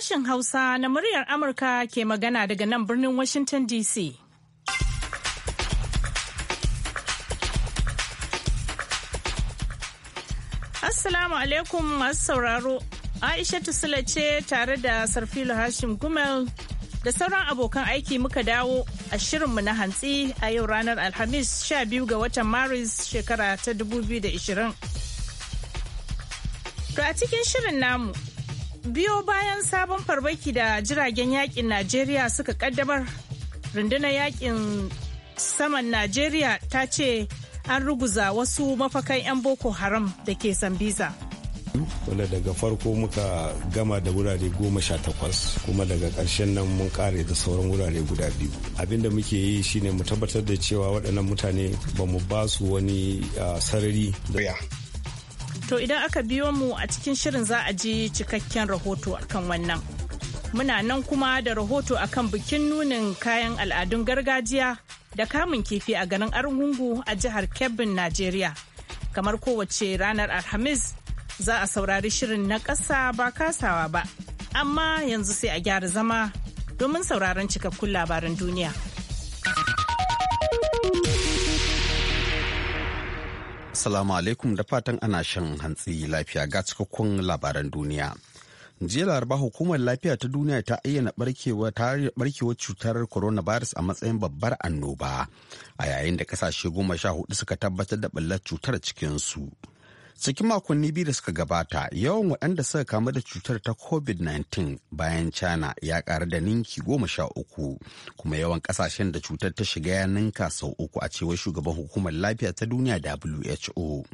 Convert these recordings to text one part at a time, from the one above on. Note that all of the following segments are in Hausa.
Sashen Hausa na muryar Amurka ke magana daga nan birnin Washington DC. Assalamu alaikum masu sauraro. Aisha Sula ce tare da Sarfilu Hashim Gumel da sauran abokan aiki muka dawo a shirinmu na hantsi a yau ranar Alhamis 12 ga watan Maris shekara ta 2020. To a cikin shirin namu biyo bayan sabon farbaki da jiragen yakin najeriya suka kaddamar rundunar yakin saman najeriya ta ce an ruguza wasu mafakan 'yan boko haram da ke sambisa wanda daga farko muka gama da wurare goma sha takwas kuma daga ƙarshen nan mun kare da sauran wurare guda biyu abinda muke yi shine mu tabbatar da cewa waɗannan mutane ba mu ba su wani ah, sarari da To idan aka biyo mu a cikin shirin za a ji cikakken rahoto akan wannan. Muna nan kuma da rahoto a kan bikin nunin kayan al'adun gargajiya da kamun kifi a garin Argungu a jihar Kebbin, Najeriya. Kamar kowace ranar Alhamis za a saurari shirin na ƙasa ba kasawa ba. Amma yanzu sai a gyara zama domin sauraron cikakkun labaran duniya. Assalamu alaikum da fatan ana shan hantsi lafiya ga cikakkun labaran duniya. Jiya laraba hukumar lafiya ta duniya ta ayyana barkewar cutar coronavirus a matsayin babbar annoba a yayin da kasashe goma sha hudu suka tabbatar da ɓallar cutar cikinsu. su. cikin makonni biyu da suka gabata yawan waɗanda suka kamu da cutar ta covid-19 bayan china ya ƙaru da ninki goma sha uku kuma yawan ƙasashen da cutar ta shiga ya ninka sau uku a cewar shugaban hukumar lafiya ta duniya who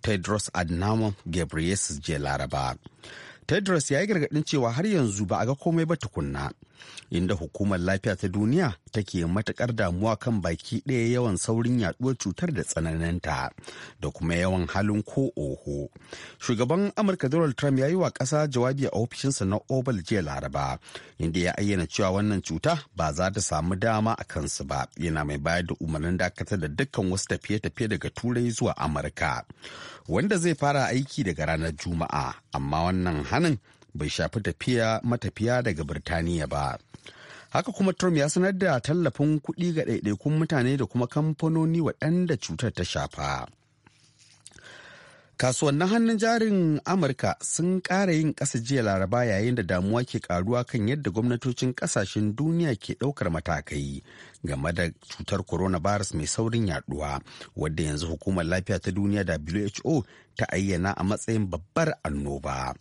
tedros adnamo ghebreyesus je laraba tedros ya yi gargaɗin cewa har yanzu ba a ga komai ba tukunna inda hukumar lafiya ta duniya take matukar damuwa kan baki ɗaya yawan saurin yaduwar cutar da tsananinta da kuma yawan halin ko oho shugaban amurka donald trump ya yi wa ƙasa jawabi a ofishinsa na oval jiya laraba inda ya ayyana cewa wannan cuta ba za ta samu dama a kansu ba yana mai bayar da umarnin dakatar da dukkan wasu tafiye-tafiye daga turai zuwa amurka wanda zai fara aiki daga ranar juma'a amma wannan hanin bai shafi tafiya matafiya daga birtaniya ba haka kuma trump ya sanar da tallafin kuɗi ga ɗaiɗaikun mutane da kuma kamfanoni waɗanda cutar ta shafa kasuwannin hannun jarin amurka sun ƙara yin ƙasa jiya laraba yayin da damuwa ke ƙaruwa kan yadda gwamnatocin ƙasashen duniya ke ɗaukar matakai game da cutar coronavirus mai saurin yaɗuwa, wadda yanzu hukumar lafiya ta duniya who ta ayyana a matsayin babbar annoba.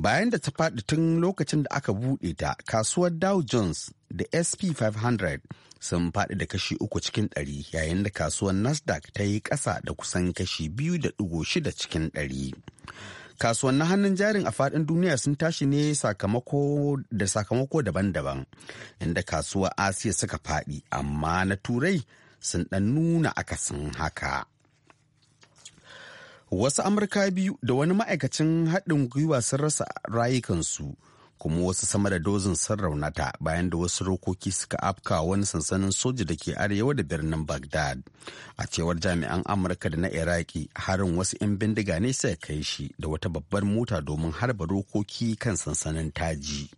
bayan da ta faɗi tun lokacin da aka buɗe ta kasuwar dow jones da sp 500 sun faɗi da kashi uku cikin ɗari yayin da kasuwar nasdaq ta yi ƙasa da kusan kashi biyu da ɗigo shida cikin ɗari kasuwannin hannun jarin a faɗin duniya sun tashi ne sakamako da sakamako daban-daban inda kasuwar asiya suka faɗi amma na turai sun ɗan nuna akasin haka Wasu Amurka biyu da wani ma'aikacin haɗin gwiwa sun rasa rayukansu kuma wasu sama da dozin sun raunata bayan da wasu rokoki suka afka wani sansanin soja da ke arewa da birnin Bagdad, A cewar jami'an Amurka da na Iraki harin wasu 'yan bindiga ne suka kai shi da wata babbar mota domin harba rokoki kan sansanin taji.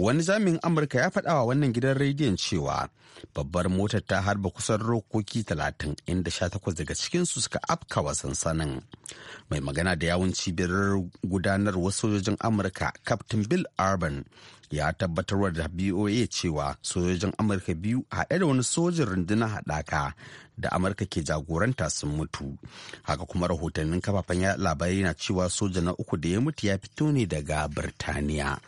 wani jami'in amurka ya faɗa wa wannan gidan rediyon cewa babbar motar ta harba kusan rokoki talatin inda sha takwas daga cikinsu suka afkawa sansanin mai magana da yawun cibiyar gudanarwar sojojin amurka captain bill arban ya tabbatarwa da boa cewa sojojin amurka biyu haɗe da wani sojin rundunar haɗaka da amurka ke jagoranta sun mutu haka kuma rahotannin kafafen labarai na cewa soja na uku da ya mutu ya fito ne daga birtaniya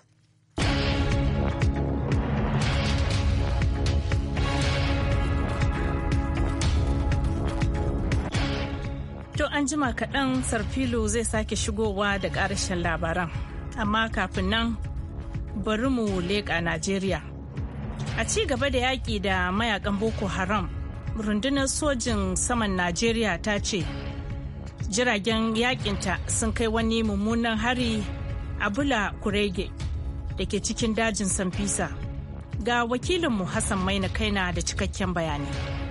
bayan jima kaɗan sarfilo zai sake shigowa da ƙarshen labaran amma kafin nan bari mu leƙa najeriya a ci gaba da yaƙi da mayakan boko haram rundunar sojin saman najeriya ta ce jiragen yakinta sun kai wani mummunan hari a bula kurege da ke cikin dajin samfisa ga wakilinmu hassan maina kaina da cikakken bayani.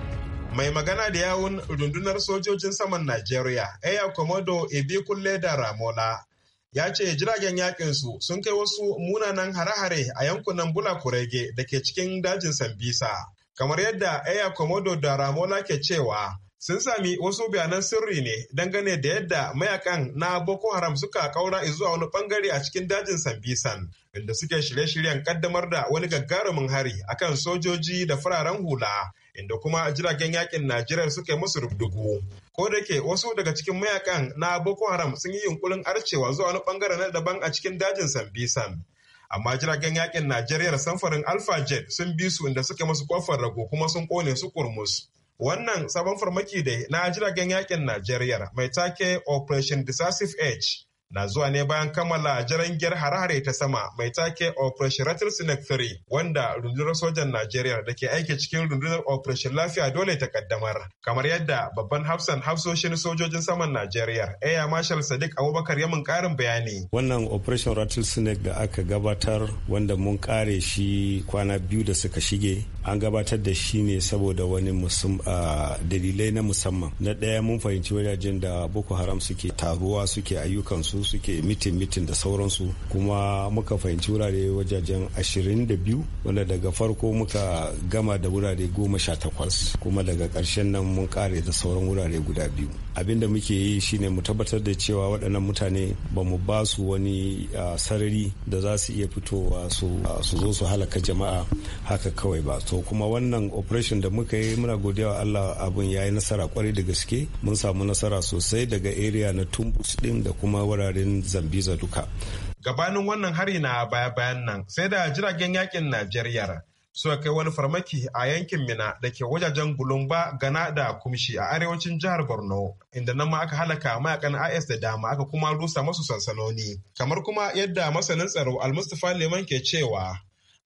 mai magana da yawun rundunar sojojin saman Najeriya, Eya Komodo Ibikun Leda Ramola, ya ce jiragen yakinsu sun kai wasu munanan hare-hare a yankunan Bula Kurege da ke cikin dajin Sambisa. Kamar yadda Eya Komodo da Ramola ke cewa, sun sami wasu bayanan sirri ne dangane da yadda mayakan na Boko Haram suka kaura zuwa wani bangare a cikin dajin Sambisan, inda suke shirye-shiryen kaddamar da wani gagarumin hari akan sojoji da fararen hula. inda kuma jiragen yakin Najeriya suka yi musu rubdugu. Ko da ke wasu daga cikin mayakan na Boko Haram sun yi yunkurin arcewa zuwa wani bangare na daban a cikin dajin Sambisan. Amma jiragen yakin Najeriya samfarin Alpha Jet sun bi su inda suka musu kofar rago kuma sun kone su kurmus. Wannan sabon farmaki da na jiragen yakin Najeriya mai take Operation Decisive Edge na zuwa ne bayan kammala jarangiyar hare-hare ta sama mai take Operation Rattlesnake 3 wanda rundunar sojan Najeriya da ke aiki cikin rundunar Operation Lafiya dole ta kaddamar. Kamar yadda babban hafsan hafsoshin sojojin saman Najeriya Air Marshal Sadiq Abubakar ya mun karin bayani. Wannan Operation Rattlesnake da aka gabatar wanda mun kare shi kwana biyu da suka shige an gabatar da shi ne saboda wani dalilai na musamman. Na ɗaya mun fahimci wajajen da Boko Haram suke taruwa suke ayyukansu suke mitin mitin da sauransu kuma muka fahimci wurare wajajen 22 wanda daga farko muka gama da wurare 18 kuma daga ƙarshen nan mun kare da sauran wurare guda biyu abin da muke yi shine mu tabbatar da cewa waɗannan mutane ba mu ba su wani sarari da za su iya fitowa su zo su halaka jama'a haka kawai ba to kuma wannan operation da muka yi muna godiya Allah abun ya yi nasara kwarai da gaske mun samu nasara sosai daga area na tumbus din da kuma wurare garin Zambiza duka. Gabanin wannan hari na baya-bayan nan sai da jiragen yakin Najeriya suka kai wani farmaki a yankin Mina da ke wajajen Gulumba, Gana da Kumshi a arewacin jihar Borno, inda nan ma aka halaka mayakan IS da dama aka kuma rusa masu sansanoni. Kamar kuma yadda masanin tsaro Almustapha Leman ke cewa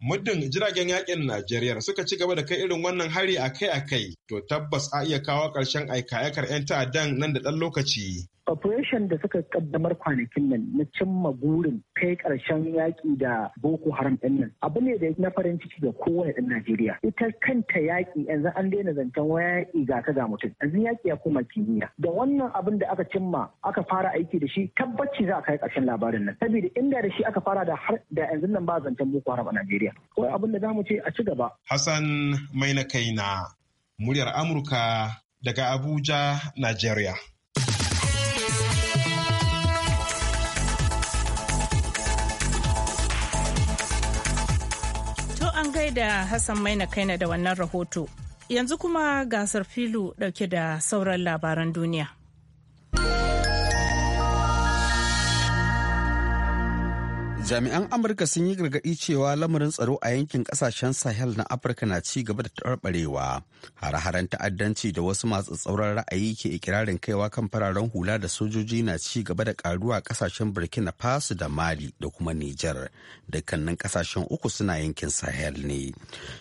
muddin jiragen yakin Najeriya suka ci gaba da kai irin wannan hari akai-akai to tabbas a iya kawo ƙarshen aika-aikar 'yan ta'addan nan da ɗan lokaci. operation da suka kaddamar kwanakin nan na cimma burin kai karshen yaƙi da boko haram ɗin nan abu ne da na farin ciki ga kowane ɗan najeriya ita kanta yaƙi yanzu an daina zancen waya yaƙi ga ka ga mutum yanzu yaƙi ya koma kimiyya da wannan abin da aka cimma aka fara aiki da shi tabbaci za a kai karshen labarin nan saboda inda da shi aka fara da har da yanzu nan ba zancen boko haram a najeriya kawai abin da za mu ce a ci gaba hassan mai na kaina muryar amurka daga abuja najeriya da Hassan Maina Kaina da wannan rahoto. Yanzu kuma gasar filu dauke da sauran labaran duniya. Jami'an Amurka sun yi gargaɗi cewa lamarin tsaro a yankin ƙasashen Sahel na Afirka na ci gaba da tarbarewa Hare-haren ta'addanci da wasu masu tsauran ra'ayi ke ikirarin kaiwa kan fararen hula da sojoji na ci gaba da ƙaruwa ƙasashen Burkina Faso da Mali da kuma Nijar. Dukkanin ƙasashen uku suna yankin Sahel ne.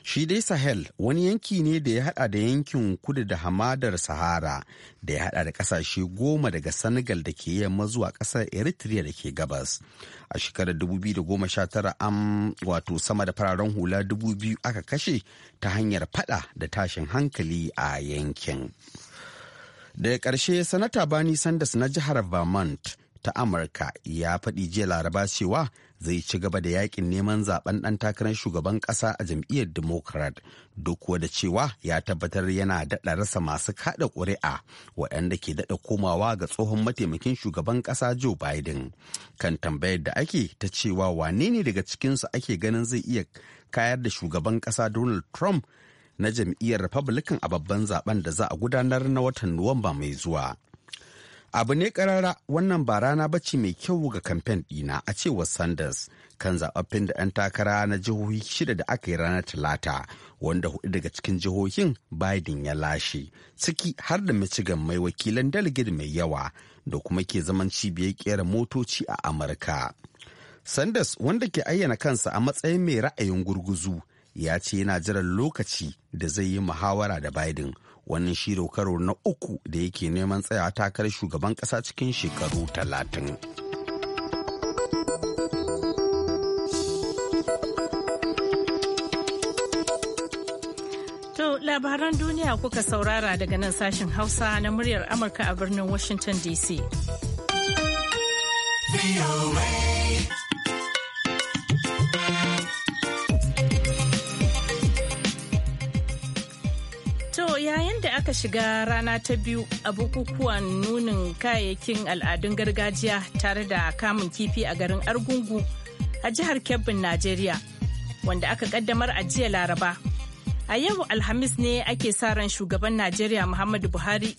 Shi dai Sahel wani yanki ne da ya haɗa da yankin kudu da hamadar Sahara da ya haɗa da ƙasashe goma daga Senegal da ke yamma zuwa ƙasar Eritrea da ke gabas. A shekarar 2019 an wato sama da fararen hula 2000 aka kashe ta hanyar fada da tashin hankali a yankin. Daga ƙarshe Sanata Bani Sanders na jihar Vermont ta Amurka ya faɗi jiya laraba cewa zai ci gaba da yakin neman zaben ɗan takarar shugaban ƙasa a jam'iyyar democrat duk da cewa ya tabbatar yana daɗa rasa masu kaɗa ƙuri'a waɗanda ke daɗa komawa ga tsohon mataimakin shugaban ƙasa joe biden kan tambayar da ake ta cewa wane ne daga cikinsu ake ganin zai iya kayar da shugaban ƙasa donald trump na jam'iyyar republican a babban zaben da za a gudanar na watan nuwamba mai zuwa. abu ne karara wannan ba rana bace mai kyau ga kamfen dina" a cewar sanders kan zaɓaffin da 'yan takara na jihohi shida da aka yi ranar talata wanda hudu daga cikin jihohin biden ya lashe ciki har da michigan mai wakilan delegate mai yawa da kuma ke zaman cibiyar kera motoci a amurka sanders wanda ke ayyana kansa a matsayin mai ra'ayin gurguzu ya ce yana jiran lokaci da zai yi muhawara da biden wannan shi karo na uku da yake neman tsayawa takarar shugaban ƙasa cikin shekaru talatin. To labaran duniya kuka saurara daga nan sashen Hausa na muryar Amurka a birnin Washington DC. yadda aka shiga rana ta biyu a bukukuwan nunin kayayyakin al'adun gargajiya tare da kamun kifi a garin argungu a jihar kebbin najeriya wanda aka kaddamar a jiya laraba a yau alhamis ne ake sa ran shugaban najeriya muhammadu buhari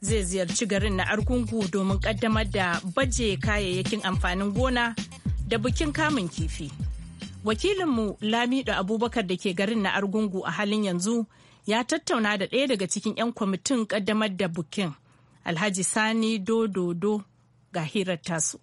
zai ziyarci garin na argungu domin kaddamar da baje kayayyakin amfanin gona da bikin kamun kifi wakilinmu lamido abubakar da ke garin na argungu a halin yanzu ya tattauna da ɗaya daga cikin 'yan kwamitin ƙaddamar da bukin alhaji sani dododo ga hirar tasu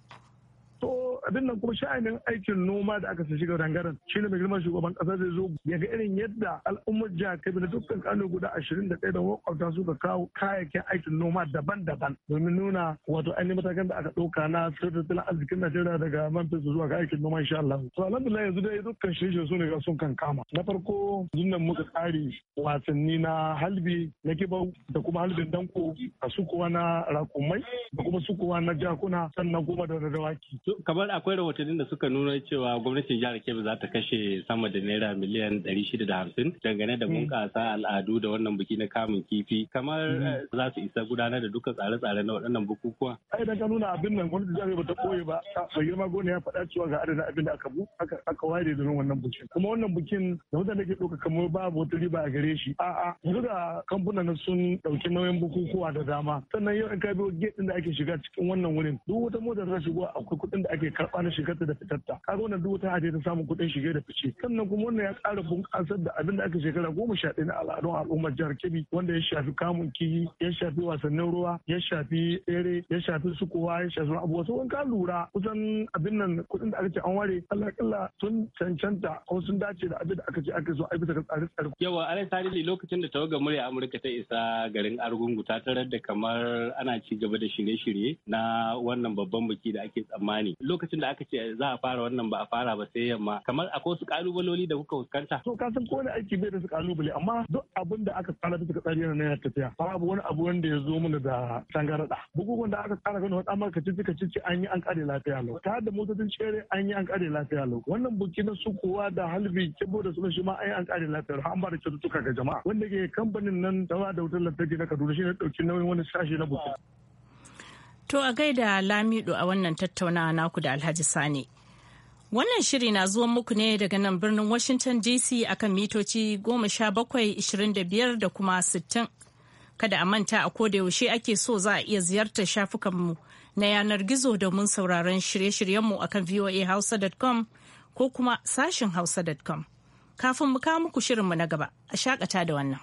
abin nan kuma sha'anin aikin noma da aka sa shiga dangaren shi ne mai girman shugaban kasa zai zo ya ga irin yadda al'ummar jihar kebbi na dukkan kano guda ashirin da ɗaya da makwabta suka kawo kayayyakin aikin noma daban-daban domin nuna wato ainihin matakan da aka ɗauka na tattalin arzikin najeriya daga man fesu zuwa ga aikin noma insha Allah. to alhamdulillah yanzu dai dukkan shirye su ne ga sun kan kama na farko yanzu muka tsari wasanni na halbi na kibau da kuma halbin danko a sukuwa na rakumai da kuma sukuwa na jakuna sannan kuma da dawaki. kamar akwai rahotannin da suka nuna cewa gwamnatin jihar Kebbi za ta kashe sama da naira miliyan 650 dangane da mm. bunƙasa al'adu da wannan biki na kamun kifi kamar mm. eh, za su isa gudanar da duka tsare-tsare na waɗannan bukukuwa. Ai da ka nuna abin nan gwamnatin jihar ba ta koyi ba mai girma gona ya faɗa cewa ga adadin abin da aka bu aka ware domin wannan bukin. kuma wannan bukin da mutane ke ɗauka kamar babu wata riba a gare shi a'a yanzu da kamfanin sun ɗauki nauyin bukukuwa da dama sannan yau in ka biyo gate ɗin da ake shiga cikin wannan wurin duk wata motar ta shigo akwai kuɗin da ake karɓa na shigar da fitarta kaga wannan duk wata hajji ta samun kuɗin shige da fice sannan kuma wannan ya ƙara bunƙasar da abin da aka shekara goma sha ɗaya na al'adun al'ummar jihar kebbi wanda ya shafi kamun kiyi ya shafi wasannin ruwa ya shafi tsere ya shafi sukuwa ya shafi abu wasu wani ka lura kusan abin nan kuɗin da aka ce an ware kala sun cancanta ko sun dace da abin da aka ce aka so a bisa ga tsare-tsare. yawa alai tarihi lokacin da tawagar murya amurka ta isa garin argungu ta tarar da kamar ana ci gaba da shirye-shirye na wannan babban biki da ake tsammani lokacin lokacin da aka ce za a fara wannan ba a fara ba sai yamma kamar akwai wasu kalubaloli da kuka fuskanta to ka san kowane aiki bai da su kalubale amma duk abin da aka tsara bisa tsari yana yana tafiya babu wani abu wanda ya zo mana da tangarada bugugun da aka tsara gano amma ka cici ka cici an yi an kare lafiya lau ta da motocin cere an yi an kare lafiya lau wannan buki na su kowa da halbi kebo da sunan shi ma an yi an kare lafiya lau an ba da cututtuka ga jama'a wanda ke kamfanin nan da wutar lantarki na Kaduna shi ne dauki nauyin wani sashi na buki To a gaida Lamido a wannan tattaunawa naku da Alhaji Sani. Wannan shiri na zuwan muku ne daga nan birnin Washington DC akan mitoci 17-25 da kuma 60. Kada a manta a yaushe ake so za a iya ziyartar shafukanmu na yanar gizo domin sauraron shirye-shiryenmu akan voahausa.com ko kuma sashin hausa.com. Kafin mu kawo muku shirinmu na gaba, a shakata da wannan.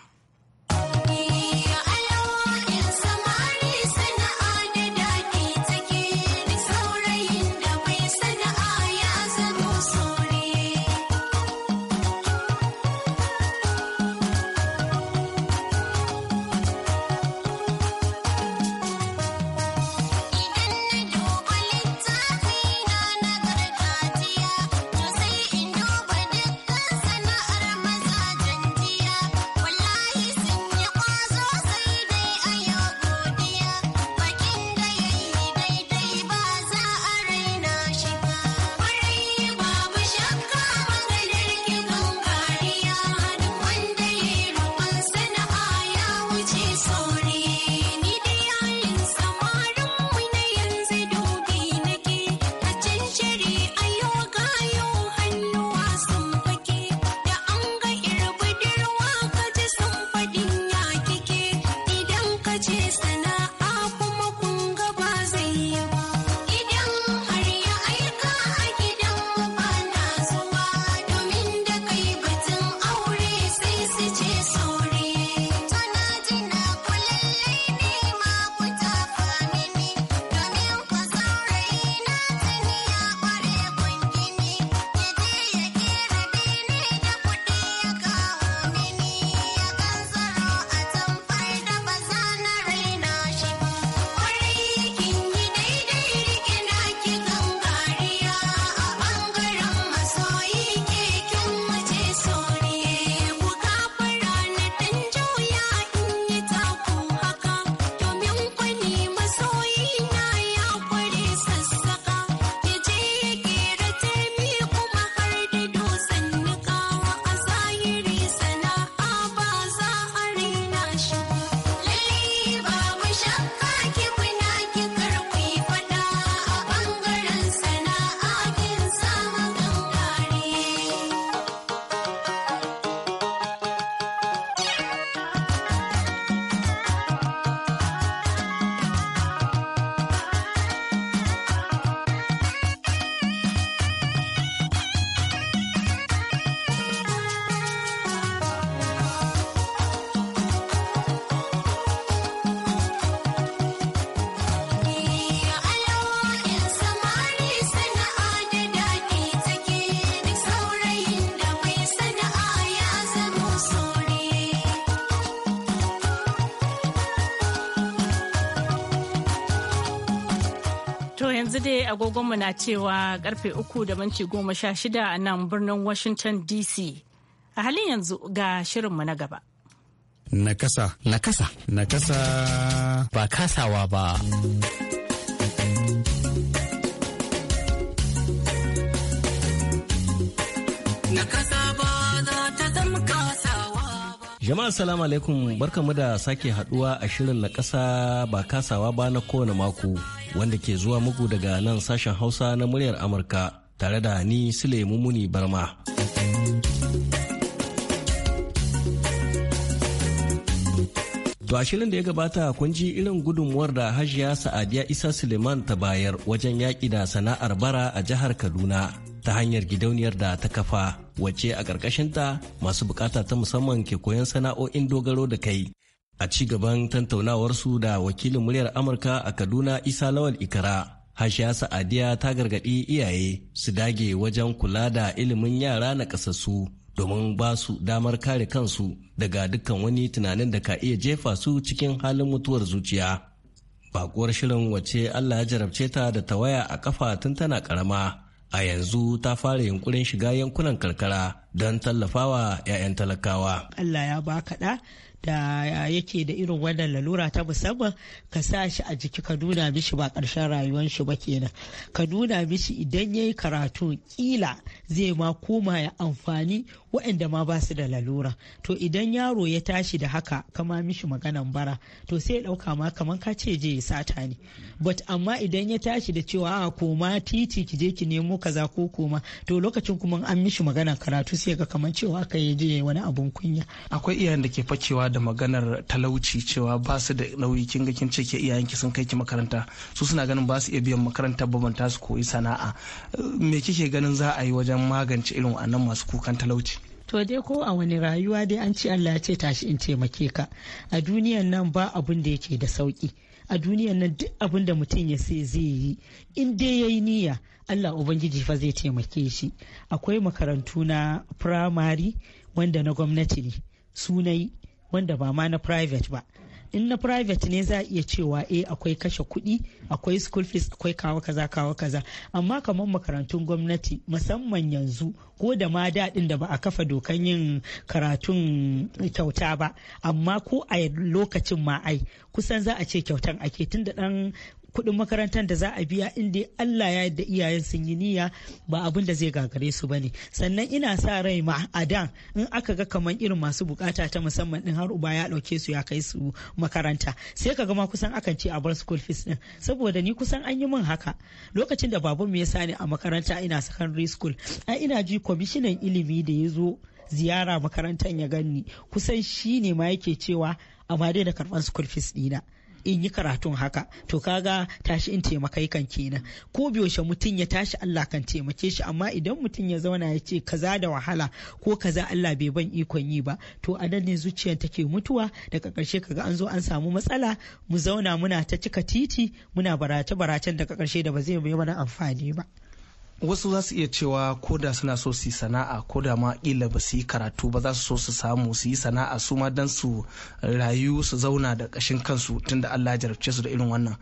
yanzu dai agogonmu na cewa karfe uku da minti goma sha shida a nan birnin Washington DC. A halin yanzu ga shirinmu na gaba. Nakasa. Nakasa. Nakasa. Ba kasawa ba. Nakasa. Jama'a salamu alaikum barkamu da sake haduwa a shirin na kasa ba kasawa ba na kowane mako wanda ke zuwa mugu daga nan sashen Hausa na muryar Amurka tare da ni Sule Mumuni Barma. To a shirin da ya gabata kun ji irin gudunmuwar da Hajiya Sa'adiya Isa Suleiman ta bayar wajen yaƙi da sana'ar bara a jihar Kaduna. ta hanyar gidauniyar da ta kafa wace a ƙarƙashinta masu bukata ta musamman ke koyon sana'o'in dogaro da kai a ci gaban tantaunawarsu da wakilin muryar amurka a kaduna isa lawal ikara hashiya sa'adiya ta gargaɗi iyaye su dage wajen kula da ilimin yara na ƙasassu domin ba su damar kare kansu daga dukkan wani tunanin da ka iya jefa su cikin halin mutuwar zuciya bakuwar shirin wace allah ya jarabce ta da tawaya a kafa tun tana karama a yanzu ta fara yunkurin shiga yankunan karkara don tallafawa 'ya'yan talakawa. Allah ya ba kaɗa. da yake da irin wannan lalura ta musamman ka sa shi a jiki ka nuna mishi ba ƙarshen rayuwar shi ba kenan ka nuna mishi idan ya yi karatu kila zai ma koma ya amfani waɗanda ma ba su da lalura to idan yaro ya tashi da haka kama mishi maganan bara to sai ya ɗauka ma kamar ka ce je sata ne but amma idan ya tashi da cewa a koma titi ki je ki nemo kaza ko koma to lokacin kuma an mishi maganan karatu sai ga kamar cewa aka yi je wani abun kunya akwai iyayen da ke facewa da maganar talauci cewa ba su da nauyi kin ga kin ce ke iyayenki sun kai ki makaranta su suna ganin ba su iya biyan makaranta ba ban su koyi sana'a me kike ganin za a yi wajen magance irin wannan masu kukan talauci to dai ko a wani rayuwa dai an ce Allah ya ce tashi in taimake ka a duniyan nan ba abun da yake da sauki a duniyan nan duk abun da mutum ya sai zai yi in dai yayi niyya allah ubangiji fa zai taimake shi akwai makarantu na firamare wanda na gwamnati ne sunai wanda ba ma na private ba in na private ne za a iya cewa eh akwai kashe kuɗi akwai school fees akwai kawo kaza kawo kaza amma kamar makarantun gwamnati musamman yanzu ko da ma daɗin da ba a kafa dokan yin karatun kyauta ba amma ko a lokacin ma ai kusan za a ce kyautan ake tun da ɗan kuɗin makarantar da za a biya inda Allah ya yadda iyayen sun yi niyya ba abin da zai gagare su bane sannan ina sa rai ma a da in aka ga kamar irin masu bukata ta musamman din har uba ya dauke su ya kai su makaranta sai ka ga ma kusan akan ce a bar school fees din saboda ni kusan an yi min haka lokacin da babu mu ya ni a makaranta ina secondary school ai ina ji kwamishinan ilimi da ya zo ziyara makarantar ya ganni kusan shi ne ma yake cewa amma dai da karban school fees dina in yi karatun haka to kaga tashi in taimakai kan kenan ko biyoshe mutum ya tashi Allah kan taimake shi amma idan mutum ya zauna ya ce kaza da wahala ko kaza Allah bai ban ikon yi ba to a nan ne zuciyar take mutuwa daga karshe kaga an zo an samu matsala mu zauna muna ta cika titi muna barace baracen daga karshe da ba zai mai mana amfani ba wasu za su iya cewa ko da suna so su yi sana'a ko da ma kila ba su yi karatu ba za su so su samu su yi sana'a su ma dan su rayu su zauna da ƙashin kansu tunda Allah ya jarabce su da irin wannan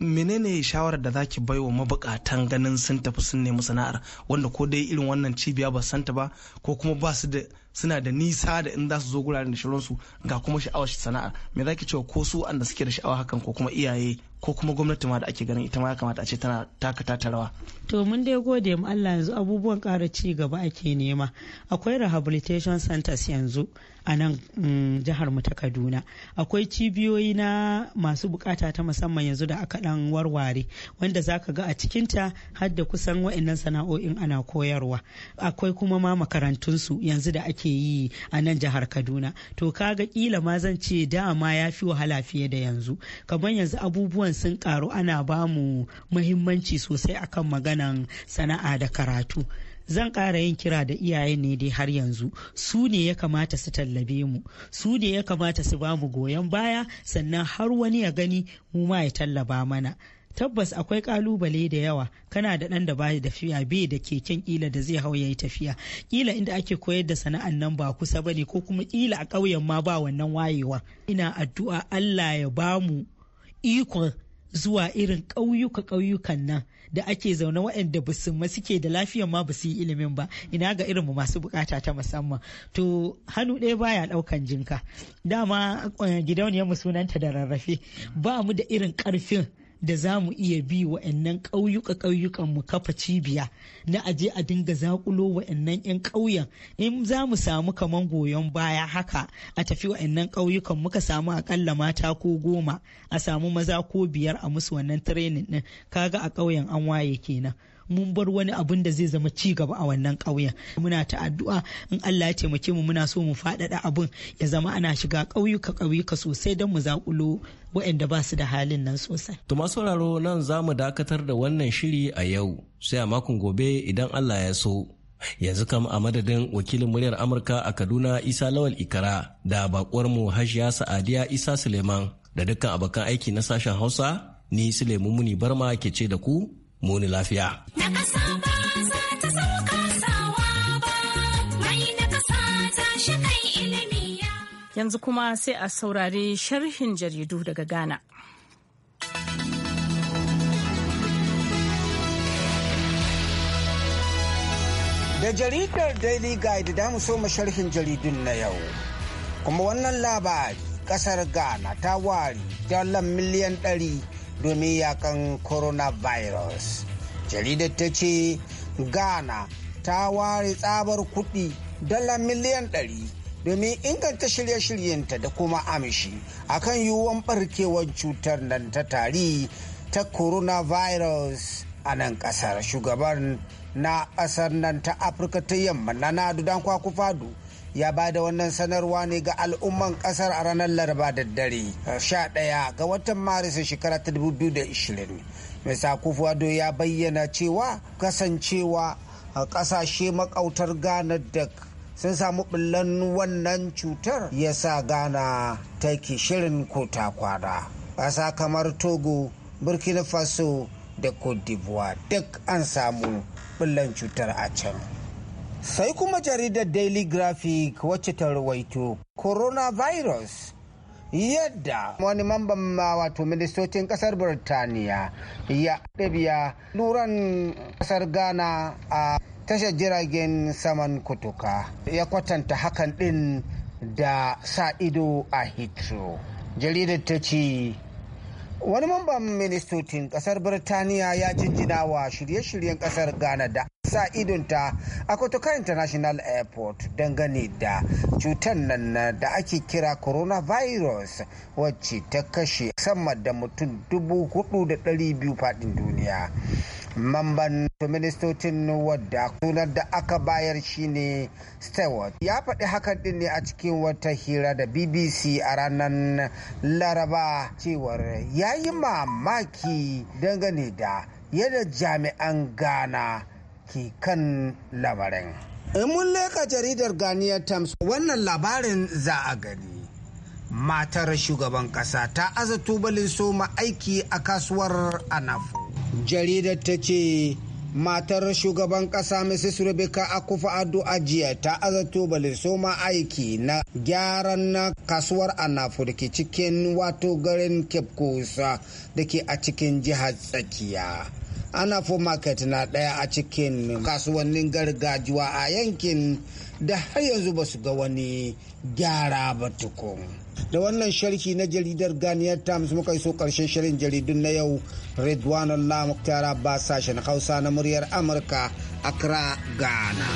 menene shawarar da zaki bai wa mabukatan ganin sun tafi sun nemi sana'ar wanda ko dai irin wannan cibiya ba santa ba ko kuma ba su da suna da nisa da in za su zo guraren da su ga kuma sha'awar sana'ar me zaki cewa ko su anda suke da sha'awa hakan ko kuma iyaye ko kuma gwamnati ma da ake ganin ita ma ya kamata a ce tana taka tata rawa to mun dai gode mu Allah yanzu abubuwan ƙara ci gaba ake nema akwai rehabilitation centers yanzu a nan mm, jihar mu ta kaduna akwai cibiyoyi na masu bukata ta musamman yanzu da aka dan warware wanda zaka ga a cikinta har da kusan wa'annan sana'o'in ana koyarwa akwai kuma ma makarantun su yanzu da ake yi a nan jihar kaduna to kaga kila ma zan ce dama ya fi wahala fiye da yanzu kamar yanzu abubuwan sun karu ana bamu muhimmanci sosai akan maganan sana'a da karatu zan ƙara yin kira da iyayen ne dai har yanzu su ne ya kamata su tallabe mu su ne ya kamata su ba mu goyon baya sannan har wani ya gani mu ma ya tallaba mana tabbas akwai kalubale da yawa kana da ɗan da bai da fiya bai da keken kila da zai hau yayi tafiya kila inda ake koyar da sana'an nan ba kusa bane ko kuma kila a ƙauyen ma ba wannan wayewa ina addu'a Allah ya bamu ikon zuwa irin ƙauyuka ƙauyukan nan da ake zaune waɗanda ba su ma suke da lafiyar ma ba su yi ilimin ba ina ga irin masu bukata ta musamman to hannu ɗaya baya ɗaukan jinka dama eh, gidauniyar mu sunanta da rarrafe ba mu da irin ƙarfin da za mu iya bi wa'annan ƙauyuka ƙauyukan mu kafa cibiya na aje a dinga zakulo wa'annan 'yan ƙauyen in za mu samu kaman goyon baya haka a tafi wa'annan ƙauyukan muka samu aƙalla mata ko goma a samu maza ko biyar a musu wannan training din kaga a ƙauyen an waye kenan mun bar wani abun da zai zama ci gaba a wannan ƙauyen muna ta addu'a in Allah ya taimake mu muna so mu faɗaɗa abun ya zama ana shiga ƙauyuka ƙauyuka sosai don mu zaƙulo waɗanda ba su da halin nan sosai. To masu sauraro nan za mu dakatar da wannan shiri a yau sai a makon gobe idan Allah ya so. Yanzu kam a madadin wakilin muryar Amurka a Kaduna Isa Lawal Ikara da bakuwar mu Hajiya Sa'adiya Isa Suleiman da dukkan abokan aiki na sashen Hausa ni Suleiman Muni Barma ke ce da ku muni lafiya. Yanzu kuma sai a saurari sharhin jaridu daga Ghana. Da jaridar Daily Guide da mu soma sharhin jaridun na yau. Kuma wannan labari kasar Ghana ta wari dalar miliyan ɗari domin yakan coronavirus jaridar ta ce ghana ta ware tsabar kuɗi dala miliyan ɗari domin inganta shirye-shiryenta da kuma amshi akan yiwuwan barkewar cutar nan ta tari ta coronavirus a nan ƙasar shugaban na ƙasar nan ta afirka ta yamma na nadu dan kwaku fadu ya ba da wannan sanarwa ne ga al'umman kasar a ranar laraba da dare 11 ga watan maris shekara ta 2020 mai sakufuwa do ya bayyana cewa kasancewa a kasashe makautar ghana da sun samu ɓullan wannan cutar ya sa ghana take shirin ko ta kwana ƙasa kamar togo burkina faso da cote d'ivoire duk an samu ɓullan cutar a can Sai kuma jaridar Daily Graphic wacce ta rawaito coronavirus yadda wani mamban wato ministocin kasar Birtaniya ya ɗabiya luran kasar Ghana a tashar jiragen saman kutuka ya kwatanta hakan ɗin da sa ido a Heathrow. Jaridar ta ce wani mamban ministocin kasar birtaniya ya jinjina wa shirye-shiryen kasar ghana da sa idonta a kotoka international airport dangane da cutar nan da ake kira coronavirus wacce ta kashe sama da mutum 4,200 fadin duniya Mamban ministocin wadda sunar da aka bayar shi ne Stewart. Ya faɗi hakan ɗin ne a cikin wata hira da BBC a ranar Laraba cewar ya yi mamaki dangane da yadda jami'an Ghana ke kan lamarin. In mun leka jaridar ganiyar Times wannan labarin za a gani. Matar shugaban ƙasa ta aza tubalin soma aiki a kasuwar Anafu. jaridar ta ce matar shugaban kasa mrs rebecca akufa addo ajiya ta azato balisoma aiki na gyaran na kasuwar anafu da ke cikin wato garin cape coast da ke a cikin jihar tsakiya Anafu market na daya a cikin kasuwannin gargajiya a yankin da har yanzu ba su ga wani gyara ba tukun. da wannan sharhi na jaridar ganiyar times muka yi iso karshen shirin jaridun na yau redwan allah muktar abbas sashen hausa na muryar amurka accra ghana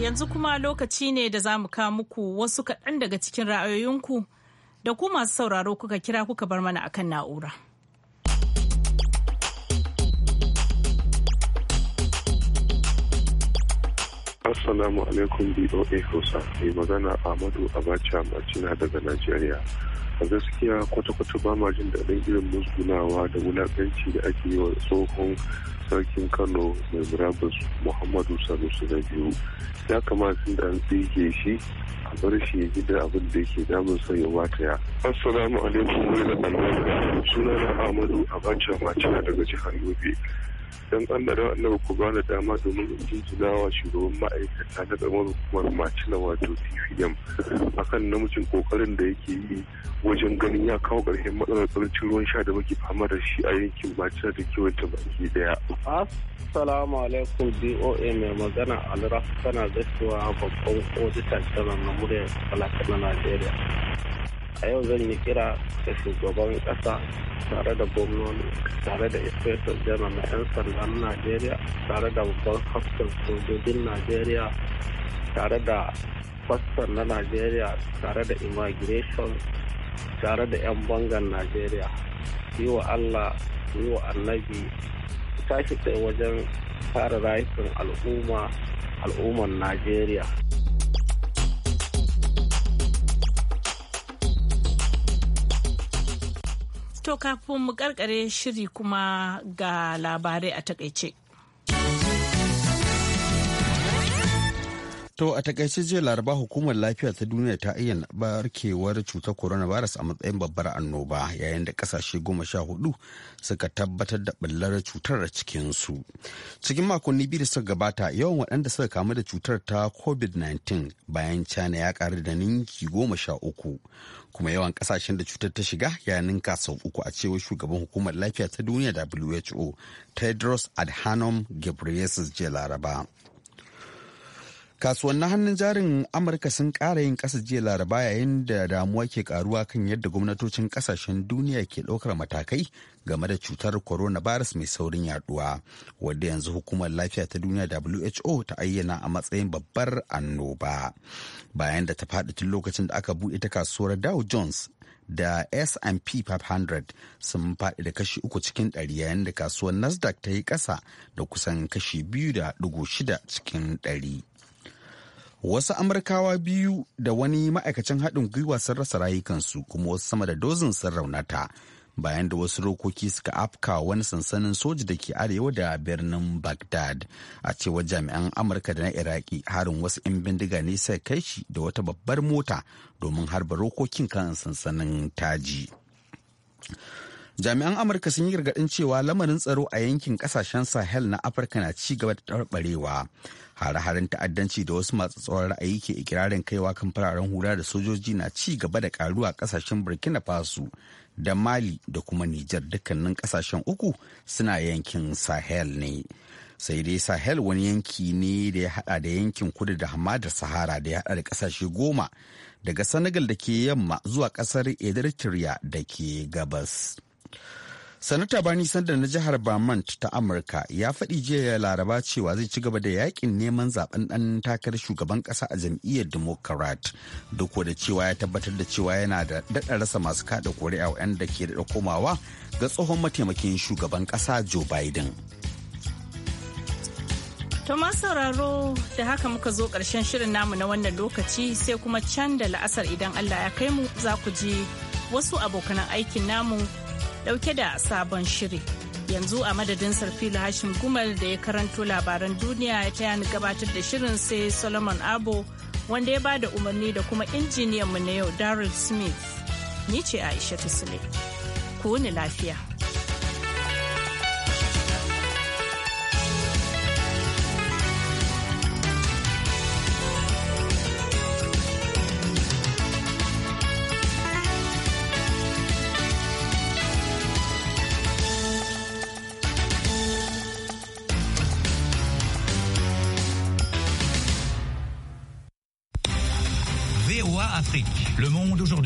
yanzu kuma lokaci ne da za mu kawo muku wasu kaɗan daga cikin ra'ayoyinku da ku masu sauraro kuka kira kuka bar mana akan na'ura. Assalamu alaikum BOA Hausa mai magana Ahmadu Abacha Macina daga Najeriya. A gaskiya kwata-kwata ba ma jin daɗin irin musgunawa da wulaƙanci da ake yi wa tsohon sarkin Kano mai murabus Muhammadu Sanusi na biyu. Ya kamata da an tsige shi a bar shi ya gida abin da yake damun sa ya wataya. Assalamu alaikum wani da Sunana Ahmadu Abacha Macina daga jihar Yobe. don allah da ku ba dama domin in jinjinawa shugaban ma'aikata na kamar hukumar macina wato tcm akan namijin kokarin da yake yi wajen ganin ya kawo ƙarshen matsalar tsarancin ruwan sha da muke fama da shi a yankin macina da kiwon ta baki daya. assalamu alaikum doa mai magana alrafa tana gaskiya babban odita jiran na muryar talaka na najeriya a yau zan yi kira da shugaban kasa tare da gwamnoni tare da inspector general na 'yan sandan najeriya tare da babban hafsan sojojin najeriya tare da kwastan na najeriya tare da immigration tare da 'yan bangan najeriya yi wa allah yi wa annabi tashi tsaye wajen kare rayukan al'umma al'umman najeriya To kafin mu karkare shiri kuma ga labarai a takaice. To a takaice jiya laraba hukumar lafiya ta duniya ta iya barkewar cutar coronavirus a matsayin babbar annoba yayin da kasashe goma sha hudu suka tabbatar da ɓullar cutar a cikinsu. Cikin makonni biyu da suka gabata yawan waɗanda suka kamu da cutar ta COVID-19 bayan China ya ƙaru da ninki goma sha uku. Kuma yawan kasashen da cutar ta shiga ya ninka sau uku a cewar shugaban hukumar lafiya ta duniya WHO Tedros Adhanom Ghebreyesus jiya laraba. kasuwannin hannun jarin amurka sun ƙara yin ƙasa jiya laraba yayin da damuwa ke karuwa kan yadda gwamnatocin ƙasashen duniya ke ɗaukar matakai game da cutar coronavirus mai saurin yaduwa wadda yanzu hukumar lafiya ta duniya who ta ayyana a matsayin babbar annoba bayan da ta faɗi tun lokacin da aka buɗe ta kasuwar dow jones da S&P 500 sun faɗi da kashi uku cikin ɗari yayin da kasuwar Nasdaq ta yi ƙasa da kusan kashi biyu da ɗigo shida cikin ɗari. wasu amurkawa biyu da wani ma'aikacin haɗin gwiwa sun rasa rayukansu kuma wasu sama da dozin sun raunata bayan da wasu rokoki suka afka wani sansanin soji da ke arewa da birnin bagdad a cewar jami'an amurka da na iraki harin wasu 'yan bindiga ne sai kai shi da wata babbar mota domin harba rokokin kan sansanin taji jami'an amurka sun yi gargaɗin cewa lamarin tsaro a yankin ƙasashen sahel na afirka na ci gaba da tarbarewa hare-haren ta'addanci da wasu masu tsawon ra'ayi ke ikirarin kaiwa kan fararen hula da sojoji na ci gaba da karuwa a kasashen burkina faso da mali da kuma nijar dukkanin kasashen uku suna yankin sahel ne sai dai sahel wani yanki ne da ya hada da yankin kudu da hamadar sahara da ya hada da kasashe goma daga senegal da ke yamma zuwa kasar eritrea da ke gabas. sanata bani sanda na jihar vermont ta amurka ya faɗi jiya ya laraba cewa zai ci gaba da yakin neman zaben ɗan takarar shugaban ƙasa a jam'iyyar democrat duk da cewa ya tabbatar da cewa yana da daɗa rasa masu kada kuri'a da ke da komawa ga tsohon mataimakin shugaban ƙasa joe biden To sauraro da haka muka zo ƙarshen shirin namu na wannan lokaci sai kuma can da la'asar idan Allah ya kai mu za ku ji wasu abokanan aikin namu dauke da sabon shiri. Yanzu a madadin sarfila hashin Gumal da ya karanto labaran duniya ya taya ni gabatar da shirin sai Solomon Abo wanda ya ba da umarni da kuma injiniyanmu na yau Daryl Smith. Ni ce Aisha Tusule. Ku wuni lafiya. aujourd'hui.